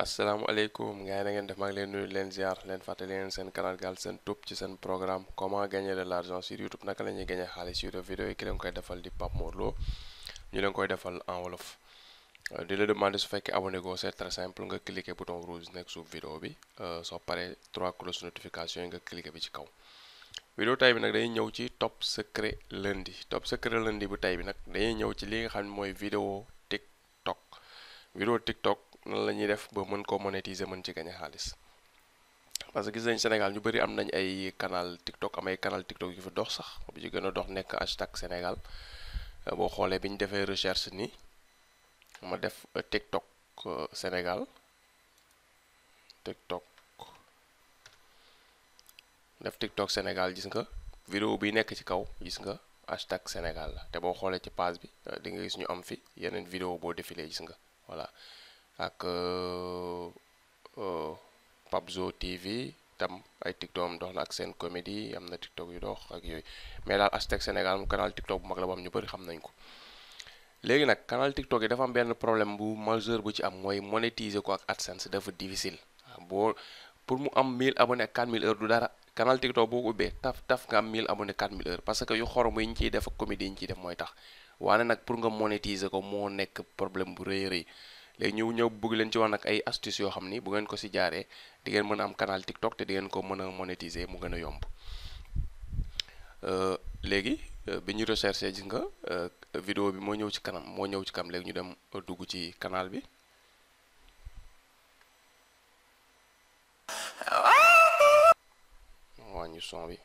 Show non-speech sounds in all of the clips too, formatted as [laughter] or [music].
asalaamaaleykum gars yi na ngeen def maa ngi leen nuyu leen ziar leen fàttali leen seen canal Galsen Tube ci seen programme comment gagner de l'argent sur YouTube naka la ñuy gagner xaalis sur vidéo yi ki leen koy defal di Pape Mor Lo ñu leen koy defal en olof euh, di la demander su fekkee abonné go c'est très simple nga cliquer bouton rouge nekk suuf vidéo bi euh, soo paree trois cloches notification yi nga cliquer bi ci kaw vidéo tey bi nag dañuy ñëw ci top secret lundi top secret lundi bu tey bi nag dañuy ñëw ci li nga xam ne mooy vidéo TikTok vidéo TikTok nan la ñuy def ba mën koo monétiser mën ci gañe xaalis parce que gis nañ Sénégal ñu bari am nañ ay canal TikTok am ay canal TikTok yu fi dox sax bu ci gën a dox nekk hashtag senegal euh, boo xoolee bi ñu defee recherche ni ma def euh, TikTok euh, Sénégal TikTok def TikTok senegal gis nga vidéo bi nekk ci kaw gis nga hashtag Sénégal la te boo xoolee ci page bi di gis ñu am fi yeneen vidéo boo défilé gis nga voilà ak euh, euh, Pabzo TV tam ay TikTok am dox na ak seen comédie am na TikTok yu dox ak yooyu mais daal Hashtag Sénégal mu canal TikTok bu mag la ba am ñu bëri xam nañ ko léegi nag canal TikTok yi dafa benn problème bu majeur bu ci am mooy monétiser ko ak AdSense dafa difficile boo pour mu am 1000 abonnés ak 4000 heures du dara canal TikTok boo ko ubbee taf taf nga am 1000 abonnés 4000 heures parce que yu xorom yi ñu ciy def ak comédie yi ñu ciy def mooy tax waane nag pour nga monétiser ko moo nekk problème bu rëy rëy léegi ñu ñëw bugg leen ci wax nag ay astuces yoo xam ni bu ngeen ko si jaaree di ngeen mën a am canal TikTok te di ko mën a monétiser mu gën a yomb euh, léegi euh, bi ñu recherché ji nga euh, vidéo bi moo ñëw ci kanam moo ñëw ci kam léegi ñu dem dugg ci kanaal bi. wàññi son bi.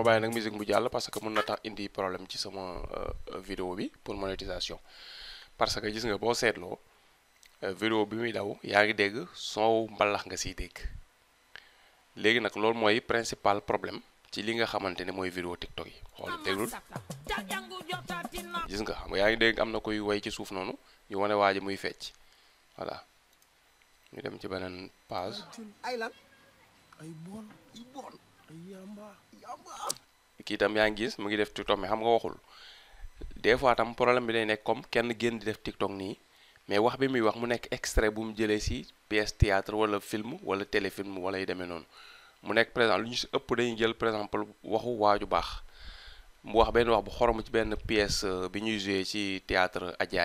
ma bàyyi nag musique mu jàll parce que mën na tax indi problème ci sama euh, euh, vidéo bi pour monétisation parce que gis nga boo seetloo euh, vidéo bi muy daw yaa ngi dégg soow mbalax nga si dégg léegi nag loolu mooy principal problème ci li nga xamante ne mooy vidéo TikTok yi xool déglul gis nga xam yaa ngi dégg am na koy way ci suuf noonu ñu wane waa ji muy fecc voilà ñu dem ci beneen page kii tam yaa ngi gis mu ngi def tiktok mi xam nga waxul des fois tam problème bi day nekk comme kenn génn di def tiktok nii mais wax bi muy wax mu nekk extrait bu mu jëlee si pièce théâtre wala film wala téléfilm wala yu demee noonu mu nekk par lu ñu si ëpp dañuy jël par exemple waxu waaju baax mu wax benn wax bu xorom ci benn pièce euh, bi ñuy joué ci théâtre Adja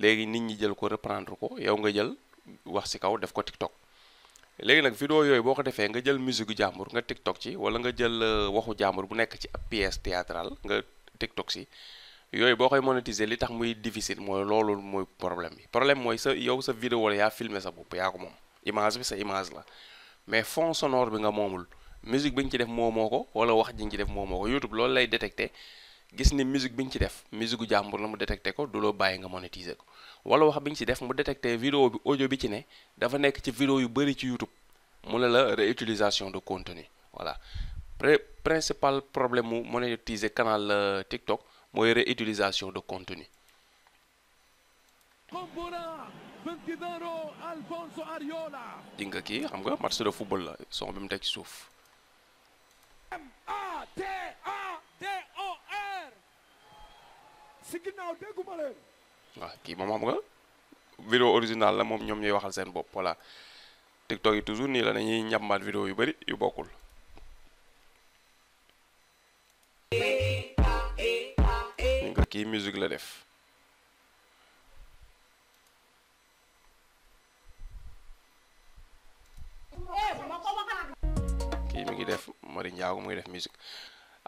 léegi nit ñi jël ko reprendre ko yow nga jël wax si kaw def ko tiktok léegi nag vidéo yooyu boo ko defee nga jël musique gu jàmbur nga tiktok ci wala nga jël euh, waxu jàmbur bu nekk ci ab pièce théâtrale nga tiktok si yooyu boo koy monétiser li tax muy difficile mooy loolu mooy problème bi problème mooy sa yow sa vidéo la yaa filmer sa bopp yaa ko moom image bi sa image la mais fond sonore bi nga moomul musique bi ñu ci def moomoo ko wala wax ji nga ci def moomoo ko YouTube loolu lay détecté gis ni musique bi ñu ci def musique gu jàmbur la mu détecté ko du loo bàyyi nga monétiser ko wala wax bi ñu ci def mu détecté vidéo bi audio bi ci ne dafa nekk ci vidéo yu bëri ci YouTube mu ne la réutilisation de contenu voilà Pré principal problème mu monétiser canal euh, TikTok mooy réutilisation de contenu. di nga kii xam nga match de football la son bi mu teg ci suuf. si ginnaaw dégguma leen. waaw kii moom xam nga. vidéo original la moom ñoom ñuy waxal seen bopp voilà TikTok yi toujours nii la dañuy ñambaat vidéo yu bari yu bokkul. kii musique la def. kii mi ngi Njaago mu ngi def musique.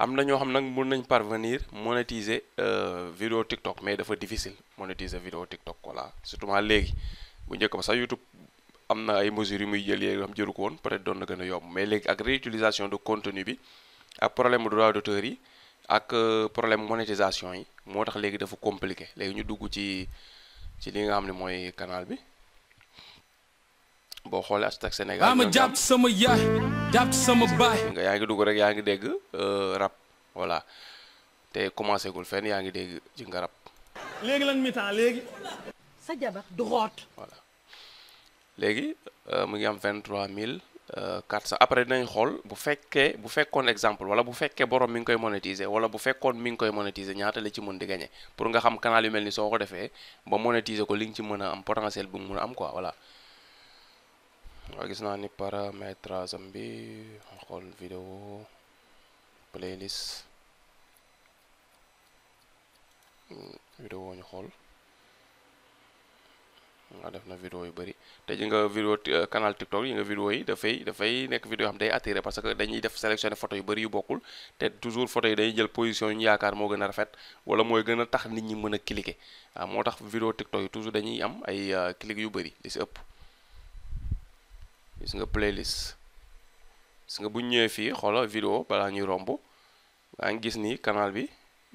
am na ñoo xam nag mun nañ parvenir monétiser euh, vidéo TikTok mais dafa difficile monétiser vidéo TikTok voilà surtout léegi bu njëkk ba sax YouTube am na ay mesures yu muy jël yoo xam jëru ko woon peut doon na gën a yomb mais léegi ak réutilisation de contenu bi ak problème mu droit d'auteur yi ak euh, problème monétisation yi moo tax léegi dafa compliqué léegi ñu dugg ci ci li nga xam ne mooy canal bi. boo xoolee Astak Sénégal. ma jàpp sama yaay jàpp sama baay. nga yaa ngi dugg rek yaa ngi dégg euh, rab voilà te commencé gul fen yaa ngi dégg ci nga rap. léegi lan mi temps léegi. sa jabar du xoot. léegi euh, mu ngi am vingt trois mille euh, quatre cent après dinañ xool bu fekkee bu fekkoon exemple wala bu fekkee borom mi ngi koy monétiser wala bu fekkoon mi ngi koy monétiser ñaata la ci mën di gagné pour nga xam canal yu mel ni soo ko defee ba monétiser ko li nga ci mën a am potentiel bu mu mën am quoi waa gis naa ni paramétrage am bi ma xool vidéo playlist mm, vidéo ñu xool nga def na vidéo yu bëri te ji nga vidéo euh, canal TikTok yi nga vidéo yi dafay dafay nekk vidéo yoo xam day attiré parce que dañuy def sélectionné photo yu bari yu bokkul te toujours photo yi dañuy jël position yu yaakaar moo gën a rafet wala mooy gën a tax nit ñi mën a cliquer waaw moo tax vidéo TikTok yi toujours dañuy am ay euh, clic yu bëri li si ëpp gis nga playlist gis nga bu ñu ñëwee fii xoola vidéo balaa ñuy romb maa ngi gis ni kanaal bi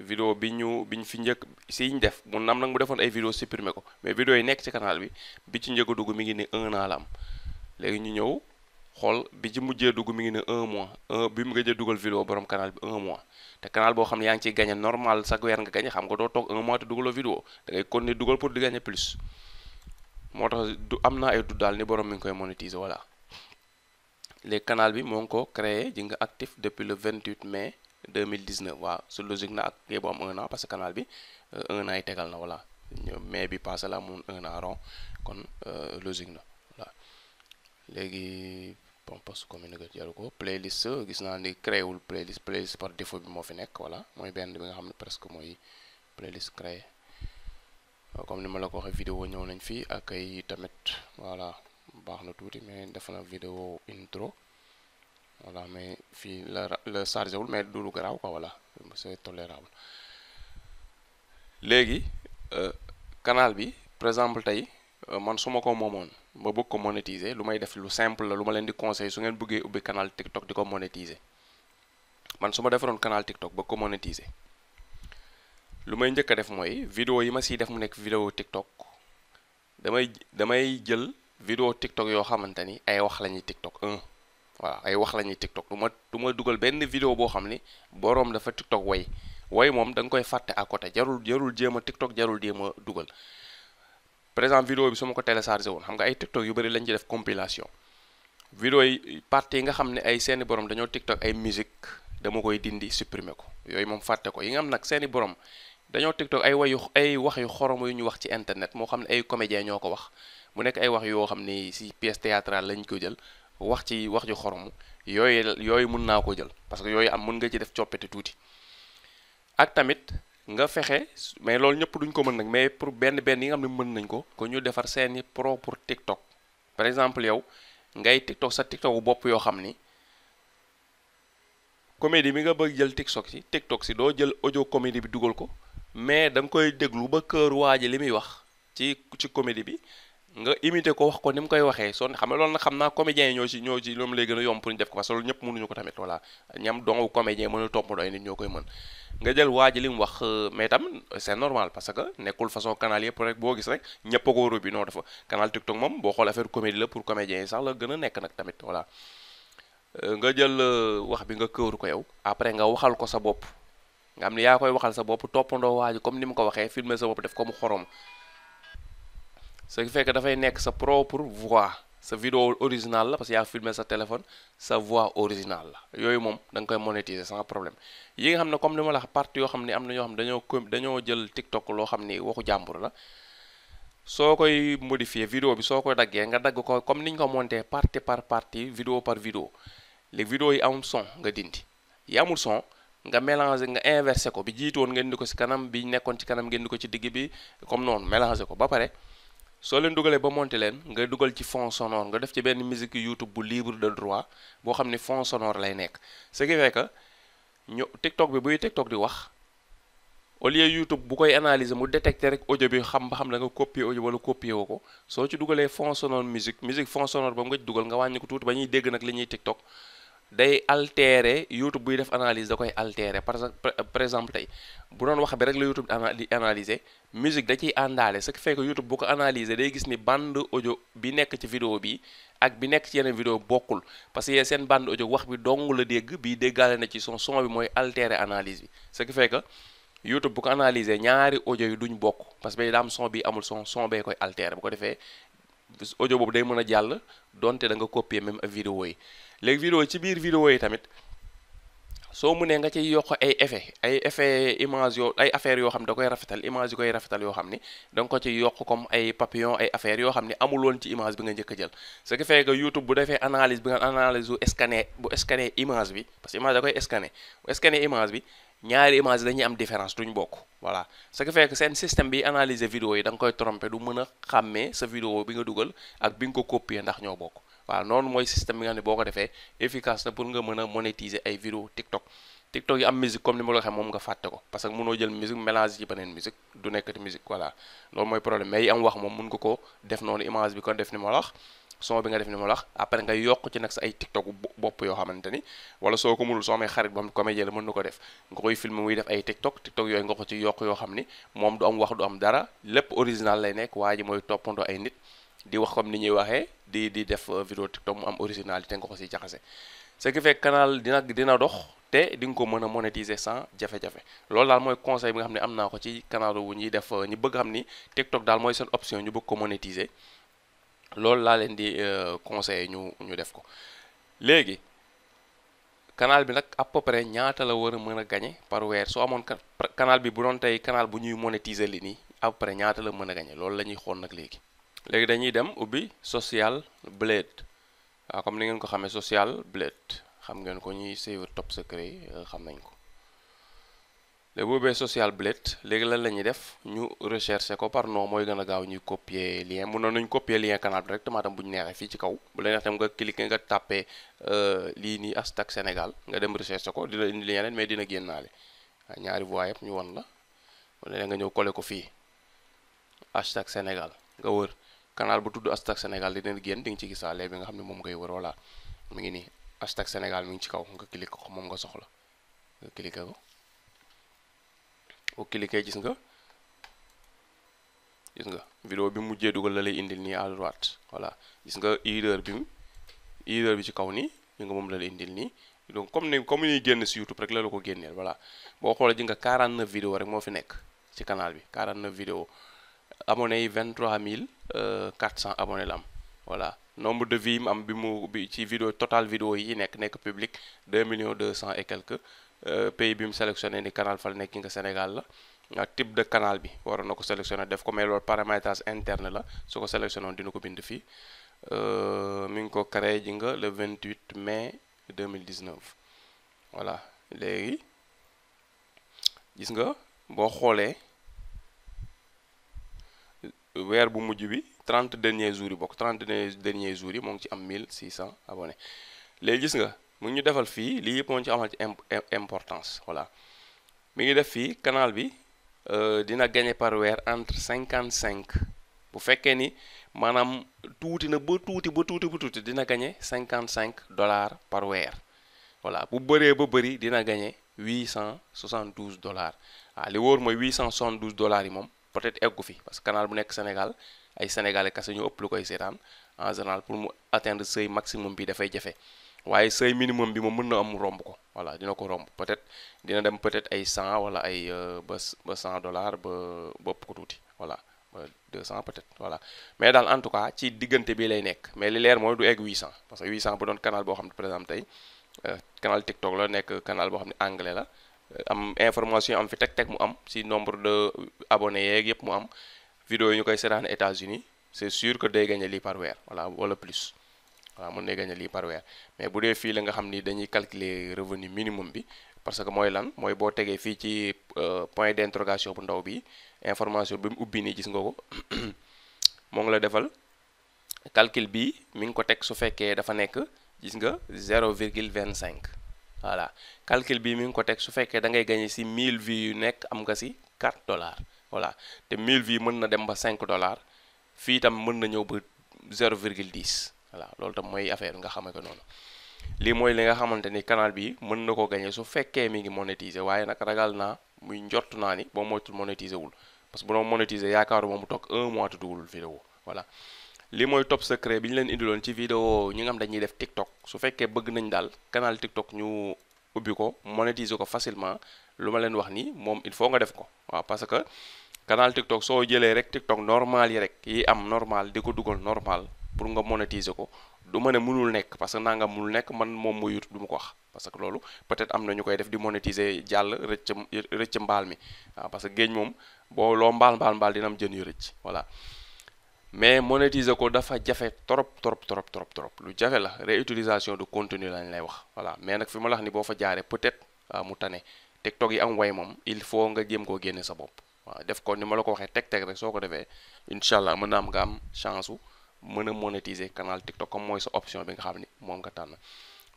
vidéo bi ñu bi ñu fi njëkk si ñu def mu nam nag mu defoon ay vidéo supprimé ko mais vidéo yi nekk ci kanaal bi bi ci njëkk a dugg mi ngi ni un am léegi ñu ñëw xool bi ci mujjee dugg mi ngi ne un mois un bi mu gëjee dugal vidéo borom canal bi un mois te canal boo xam ne yaa ngi ci gagné normal sa weer nga gagné xam nga doo toog un mois te dugaloo vidéo da ngay continuer dugal pour di gagné plus moo tax du am naa ay duddaal ni borom mi ngi koy monétiser voilà. léegi canal bi moo ngi ko créé ji nga actif depuis le 28 mai 2019 waaw su logique na ak kii bu am un an parce que canal bi euh, un an yi tegal na voilà mai bi passé la mun un an rond kon euh, logique na voilà léegi bon post communiqué jaru ko playlist gis naa ni créé wul playlist playlist par défaut bi moo fi nekk voilà mooy benn bi nga xam ne presque mooy playlist créé comme ni ma la ko waxee vidéo ñëw nañ fii ak ay tamit voilà baax na tuuti mais def na vidéo intro voilà mais fii la la chargé wul mais du garaaw ko voilà c'est tolérable léegi kanaal euh, bi par exemple tey euh, man su ma ko moomoon ma bëgg ko monétiser lu may def lu simple la lu ma leen di conseil su ngeen bëggee ubbi canal TikTok di ko monétiser man su ma defaroon canal TikTok bëgg ko monétiser lu may njëkk a def mooy vidéo yi ma siy def mu nekk vidéo TikTok damay damay jël. vidéo TikTok yoo xamante ni ay wax la ñuy TikTok un waaw ay wax la ñuy TikTok du ma du ma dugal benn vidéo boo xam ni boroom dafa TikTok woy way moom da nga koy fàtte ak côté jarul jarul jéem a TikTok jarul jéem a dugal par exemple vidéo bi su ma ko téléchargé woon xam nga ay TikTok yu bëri lañ ci def compilation vidéo yi parties yi nga xam ne ay seeni borom dañoo TikTok ay musique dama koy dindi supprimer ko yooyu moom fàtte ko yi nga am nag seeni borom dañoo TikTok ay wayu ay wax yu xorom yu ñu wax ci internet moo xam ne ay comédien ñoo ko wax mu nekk ay wax yoo xam ni si pièce théâtrale lañ ko jël wax ci wax ju xorom yooyu yooyu mun naa ko jël parce que yooyu am mun nga ci def coppite tuuti ak tamit nga fexe mais loolu ñëpp duñ ko mën nag mais pour benn benn yi nga xam ne mën nañ ko ko ñu defar seeni propre TikTok par exemple yow ngay TikTok sa TikTok bopp yoo xam ni comédie bi nga bëgg jël TikTok si TikTok doo jël audio comédie bi dugal ko mais da koy déglu ba kër waa ji li muy wax ci ci comédie bi nga imité ko wax ko ni mu koy waxee son xam ne lool na xam naa comédiens yi ñoo ci ñoo ci loom lay gën a yomb pour ñu def ko parce que loolu ñëpp tamit voilà ñam dongu comédien mën ñoo koy mën nga jël waa ji li mu wax euh, mais tam c'est normal parce que nekkul façon canal yëpp rek boo gis rek ñëpp ko ko rubi non dafa canal TikTok moom boo xool affaire comédie la pour comédiens yi sax la gën a nekk nag tamit voilà euh, nga jël euh, wax bi nga këwru ko yow après nga waxal ko sa bopp nga am ne yaa koy waxal sa bopp toppandoo waa comme ni mu ko waxee filmer sa bopp def ko mu xorom ce qui fait dafay nekk sa propre voix sa vidéo originale la parce que sa téléphone sa voix originale la yooyu moom da koy monétiser sans problème yi xam ne comme ni ma la partie yoo xam ne am na ñoo xam dañoo ko dañoo jël TikTok loo xam ni waxu jàmbur la soo koy modifier vidéo bi soo ko daggee nga dagg ko comme ni ñu ko monté partie par partie vidéo par vidéo les vidéos yi am son nga dindi yi amul son nga mélanger nga inversé ko bi jiitoon ngeen di ko ci kanam bi nekkoon ci kanam ngeen di ko ci digg bi comme noonu mélanger ko ba pare soo leen dugalee ba monter leen nga dugal ci fond sonore nga def ci benn musique YouTube bu libre de droit boo xam ni fond sonore lay nekk ce qui fait que ñu TikTok bi buy TikTok di wax au lieu YouTube bu koy analyser mu détecter rek audio bi xam ba xam da nga copier audio wala copier woo ko soo ci dugalee fond sonore musique musique fond sonore ba nga dugal nga wàññi ko tuuti ba ñuy dégg nag li ñuy TikTok day altérer YouTube buy def analyse da koy altérer par euh, par exemple tey bu doon wax bi rek la YouTube di analyser musique da ciy àndaale ce qui fait que YouTube bu ko analyser day gis ni band ojo bi nekk ci vidéo bi ak bi nekk ci yeneen vidéo bokkul parce que seen bande ojo wax bi dong la dégg bii déggaale na ci son son bi mooy altérer analyse bi ce qui fait que YouTube bu ko analyser ñaari ojo yi duñ bokk parce que da am son bi amul son son bee koy altérer bu ko defee audio boobu day mën a jàll donte da nga copier même vidéo yi. léegi vidéo ci biir vidéo yi tamit soo mënee nga ciy yokk ay effet ay effet image yoo ay affaires yoo xam ne da koy rafetal image yi koy rafetal yoo xam ni da nga ko yokk comme ay papillon ay affaires yoo xam ni amul woon ci image bi nga jëkk a jël ce qui YouTube bu defee analyse bi nga analyse bu scanner bu bi parce que image da koy scanner bu scanner image bi ñaari image dañuy am différence duñ bokk voilà ce qui seen système bi analyser vidéo yi danga koy tromper du mën a xàmmee sa vidéo bi nga dugal ak bi nga ko copier ndax ñoo bokk waaw noonu mooy système bi nga xam ne boo ko defee efficace na pour nga mën a monétiser ay vidéo TikTok TikTok yi am musique comme ni ma la xam moom nga fàtte ko parce que mënoo jël musique mélange ci beneen musique du nekkati musique voilà loolu mooy ko def noonu image bi kon def ni ma la wax son bi nga def ni après nga yokk ci nag sa ay TikTok bopp yoo xamante ni wala soo ko mënul soo amee xarit ba am comédien la mën na ko def nga koy filmer muy ay TikTok TikTok yooyu nga ko ci yokk yoo xam ni moom du am wax du am dara lépp original lay nekk waa ji mooy toppandoo ay nit di wax comme ni ñuy waxee di di def euh, vidéo TikTok mu am originalité nga ko si jaxase ce qui fait canal dina dina dox te di nga ko mën a monétiser sans jafe-jafe loolu daal mooy conseil bi nga xam ne am naa ko ci canal wu ñuy def euh, ñu bëgg xam ni TikTok daal mooy seen option ñu bëgg ko monétiser loolu laa leen di euh, conseiller ñu ñu def ko léegi canal bi nag à peu ñaata la war a mën a gagné par weer soo amoon canal bi bu doon tey canal bu ñuy monétiser li nii à ñaata la mën a gañe loolu la ñuy xool nag léegi léegi dañuy dem ubbi social blade waaw comme ni ngeen ko xamee social blade xam ngeen ko ñuy suivre top secret euh, xam nañ ko léegi boobee social blade léegi lan la ñuy def ñu recherche ko par nom mooy gën a gaaw ñuy copie lien mënoon nañ copier lien canal directement tam bu ñu neexee fii ci kaw bu la neex tam nga cliquer nga tàppee euh, lii nii hashtag Sénégal nga dem recherche ko dina indi yeneen mais dina génnaale waaw ñaari voies yëpp ñu won la wala nga ñëw coller ko fii hashtag Sénégal nga canal bu tudd hashtag Sénégal dina génn di nga ci gisaale bi nga xam ne moom ngay wër voilà mi ngi nii hashtag Sénégal mi ngi ci kaw nga cliqué ko moom nga soxla nga cliqué ko boo cliqué gis nga gis nga vidéo bi mujjee dugal la lay indil nii à droite gis nga heure bi heure bi ci kaw nii li nga moom la lay indil nii donc comme ni comme ni génn si YouTube rek la ko génneel voilà boo xoolee ji nga 49 vidéo rek moo fi nekk ci canal bi 49 vidéo abonné yi 23 000 Euh, quatre cent abonnés la am voilà nombre de vues mu am bi mu ci vidéo total vidéo yi nekk nekk publique deux millions deux cent et quelques euh, pays bi mu sélectionné ni canal fal nekki nga Sénégal la ak type de canal bi waroon na ko sélectionné def ko mais loolu paramétrage interne la su ko sélectionné dina ko bind fii euh, mi ngi ko créé ji nga le 28 mai 2019 voilà léegi gis nga boo xoolee weer bu mujj bi trent derniers jours yi bokk 30 derniers jour yi moo ngi ci am 1600 abonnés léegi gis nga mu ngi ñu defal fii lii yëpp moo ci amal importance voilà mi ngi def fii kanaal bi euh, dina gagné par weer entre cinquante cinq bu fekkee ni maanaam tuuti na ba tuuti ba tuuti ba tuuti dina gañe cinquante 55 dollars par weer voilà bu bëree ba bëri dina gagné 872 dollars waaw ah, li wóor mooy 872 dollars yi moom. peut-être eggu fi parce que canal bu nekk Sénégal ay sénégalais kese ñu ëpp lu koy seetaan en général pour mu atteindre seuil maximum bi dafay jafe waaye seuil minimum bi moom mën na am romb ko voilà dina ko romb peut-être dina dem peut-être ay 100 wala ay euh, ba ba 100 dollars ba bopp ko tuuti voilà ba 200 peut-être voilà mais daal en tout cas ci diggante bi lay nekk mais li leer mooy du egg 800 parce que 800 bu doon canal boo xam ne par exemple tey euh, canal nekk canal boo xam ne anglais la. am information am fi teg teg mu am si nombre de abonnés yeeg yëpp mu am vidéo yi ñu koy seetaan États-Unis c'est sur que day gagné lii par weer voilà wala plus voilà mën na gagné lii par weer mais bu dee fii la nga xam ni dañuy calculer revenu minimum bi parce que mooy lan mooy boo tegee fii ci euh, point d'interrogation bu ndaw bi information bi mu ubbi nii gis nga ko [coughs] moo ngi la defal calcul bi mi ngi ko teg su fekkee dafa nekk gis nga 0 virgule 25 voilà calcul bi mi ngi ko teg su fekkee da ngay gagné si 1000 vues yu nekk am nga si 4 dollars voilà te 1000 vues mën na dem ba cinq dollars fii tam mën na ñëw ba 0,10 voilà loolu tam mooy affaire nga xamante noonu lii mooy li nga xamante ni canal bi mën na ko gagné su fekkee mi ngi monétiser waaye nag ragal naa muy njort naa ni boo moytul monétiser wul parce que bu doon monétiser yaakaaruma mu toog un mois te dugalul vidéo voilà li mooy top secret bi ñu leen indiloon ci vidéo ñi nga xam dañuy def TikTok su fekkee bëgg nañ daal canal TikTok ñu ubbi ko monétiser ko facilement lu ma leen wax nii moom il faut nga def ko waa parce que canal TikTok soo jëlee rek TikTok normal yi rek yi am normal di ko dugal normal pour nga monétiser ko du ma ne mënul nekk parce que naa nga mënul nekk man moom mu YouTube du ma ko wax parce que loolu peut-être am na ñu koy def di monétiser jàll rëcc rëcc mbaal mi parce que géej moom boo mbaal mbaal mbaal dina am jën yu rëcc voilà. mais monétiser ko dafa jafe trop trop trop trop trop lu jafe la utilisation de contenu lañ lay wax voilà mais nag fi ma la wax ni boo fa jaaree peut-être euh, mu tane TikTok yi am way moom il faut nga jéem koo génne sa bopp waaw def ko ni ma la ko waxee teg teg rek soo ko defee incha allah mën na am nga am chance su mën a monétiser canal TikTok comme mooy sa option bi nga xam ni moom nga tànn.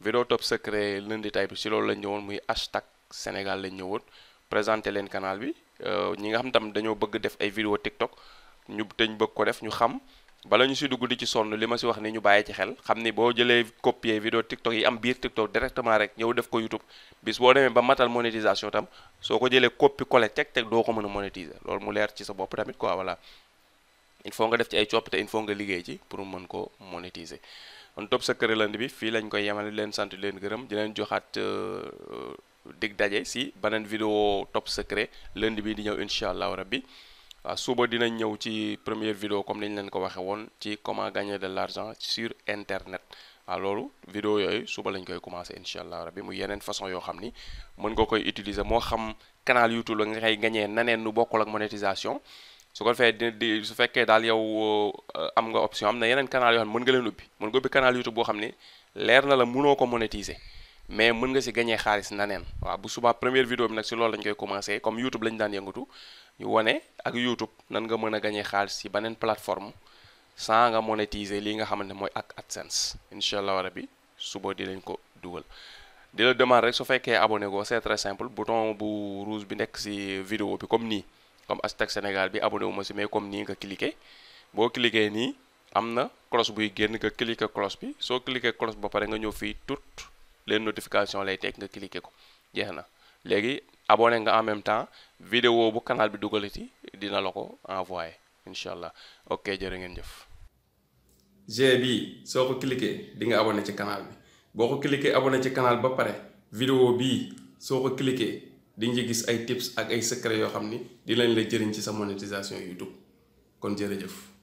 vidéo top secret lundi tay si loolu la ñëwoon muy hashtag Sénégal la ñëwoon présenté leen canal bi euh, ñi nga xam tam dañoo bëgg def ay vidéo TikTok. ñu te ñu bëgg ko def ñu xam bala ñu si dugg di ci sonn li ma si wax ni ñu bàyyi ci xel xam ni boo jëlee copier vidéo TikTok yi am biir TikTok directement rek ñëw def ko YouTube bis boo demee ba matal monétisation tam soo ko jëlee copie coller teg teg doo ko mën a monétiser loolu mu leer ci sa bopp tamit ko voilà il faut nga def ci ay coppite il faut nga liggéey ci pour mën ko monétiser kon Top Secret lënd bi fii lañ koy yemale leen sant di leen gërëm di leen joxaat euh, euh, dig daje si beneen vidéo Top Secret Lundi bi di ñëw incha allahu rabbi Ah, suba dina ñëw ci première vidéo comme niñ leen ko waxee woon ci comment gagner de l'argent sur internet waaw ah, loolu vidéo yooyu suba lañ koy commencé incha allah rabbi mu yeneen façon yoo xam ni mën nga koy utiliser moo xam canal YouTube la nga koy gañee neneen nu bokkul ak monétisation su ko defee di su fekkee daal yow euh, am nga option am na yeneen canal yoo xam ne mën nga leen ubbi mën nga ubbi canal YouTube boo xam ni leer na la mënoo ko monétiser mais mën nga si gañee xaalis na neen waaw bu suba première vidéo bi nag si loolu lañ koy commencé comme YouTube lañ daan yëngatu ñu wane ak YouTube nan nga mën a gañee xaalis si beneen plateforme saa nga monétiser lii nga ne mooy ak AdSense incha allah rabi suba di lañ ko dugal. di la demande rek su fekkee abonné goo c'est très simple bouton bu rouge bi nekk si vidéo bi comme nii comme hashtag Sénégal bi abonné wu ma si mais comme nii nga cliqué boo cliqué nii am na cloche buy génn nga cliqué cloche bi soo cliqué cloche ba pare nga ñëw fii tout. leen notification lay teg nga cliquer ko jeex na léegi abone nga en même temps vidéo bu canal bi dugalati dina la ko envoyé incha allah ok jërë ngeen jëf. G bi soo ko cliquer di nga abonné ci canal bi boo ko cliquer abonné ci canal ba pare vidéo bi soo ko cliquer di nga gis ay tips ak ay secret yoo xam ni di lañ la jëriñ ci sa monétisation YouTube kon jërëjëf.